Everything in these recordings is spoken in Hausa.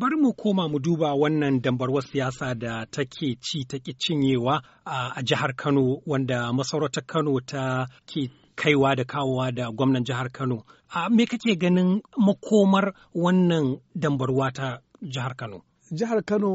bari mu koma mu duba wannan dambarwar siyasa da take ci take cinyewa a jihar Kano wanda masarautar Kano ta ke kaiwa da kawowa da gwamnan jihar Kano. Me kake ganin makomar wannan dambarwa ta jihar Kano? Jihar Kano,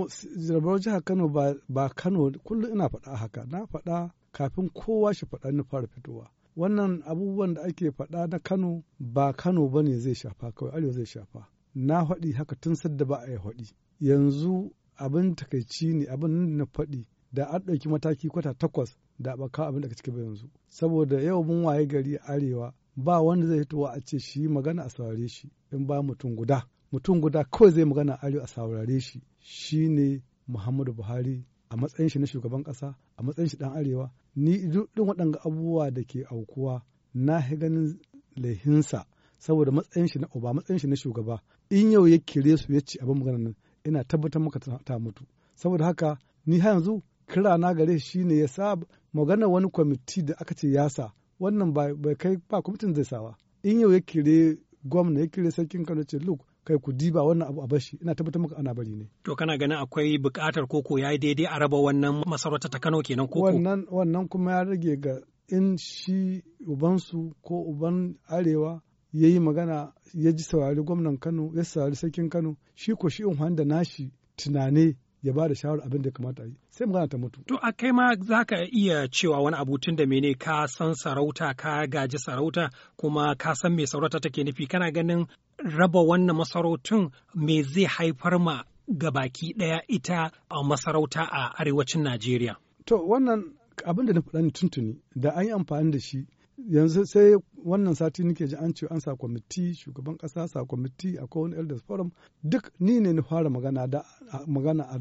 dambarwar jihar Kano ba Kano kullum ina faɗa haka, na faɗa kafin kowa shi faɗa ni fara fitowa. Wannan abubuwan da ake faɗa na Kano ba Kano ba ne zai shafa kawai, Arewa zai shafa. na faɗi haka tun sadda ba a yi faɗi yanzu abin takaici ne abin na faɗi da an ɗauki mataki kwata takwas da ba kawo abin da cike ba yanzu saboda yau mun waye gari a arewa ba wanda zai fitowa a ce shi magana a saurare shi in ba mutum guda mutum guda kawai zai magana a arewa a saurare shi Shi ne muhammadu buhari a matsayin shi na shugaban ƙasa a matsayin shi dan arewa ni duk waɗanga abubuwa da ke aukuwa na ganin laihinsa saboda matsayin shi na uba matsayin shi na shugaba in yau ya kire su ya ci abin magana nan ina tabbatar maka ta mutu saboda haka ni har yanzu kira na gare shi ne ya sa magana wani kwamiti da aka ce ya sa wannan bai kai ba kwamitin zai sawa in yau ya kire gwamna ya kire sarkin kano ce look kai ku diba wannan abu a bashi ina tabbatar maka ana bari ne to kana ganin akwai buƙatar koko ya yi daidai a raba wannan masarauta ta Kano kenan koko wannan kuma ya rage ga in shi ubansu ko uban arewa ya yi magana ya ji saurari gwamnan kano ya saurari sarkin kano shi ko shi in da nashi tunane ya ba da shawarar abin da kamata yi sai magana ta mutu. To a kai ma za ka iya cewa wani abu tun da mene ka san sarauta ka gaji sarauta kuma ka san me sarauta take nufi kana ganin raba wannan masarautun me zai haifar ma ga baki ɗaya ita a masarauta a arewacin Najeriya. To wannan abin da na faɗa ni tuntuni da an yi amfani da shi yanzu sai wannan sati nike ji an ce an sa kwamiti shugaban kasa sa kwamiti a wani elders forum duk ni ne na fara magana da magana a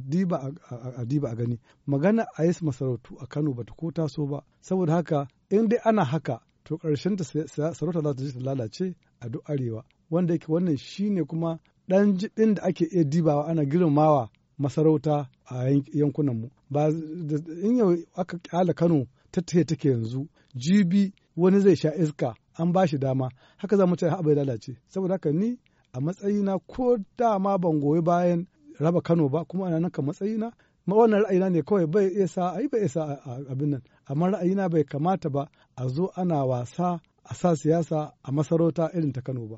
diba a gani magana a yi masarautu a Kano bata ko taso ba saboda haka in dai ana haka to karshen ta sarauta za ta je ta lalace a duk arewa wanda yake wannan shine kuma dan jidin da ake iya dibawa ana girmamawa masarauta a yankunan mu. ba in yau aka kyala Kano ta take yanzu jibi wani zai sha iska an ba shi dama haka za mu ce abu ya lalace saboda haka ni a matsayina ko dama ban goyi bayan raba Kano ba kuma ana nan ka matsayina wannan ra'ayina ne kawai bai iya sa ai bai isa sa abin nan amma ra'ayina bai kamata ba a zo ana wasa a sa siyasa a masarauta irin ta Kano ba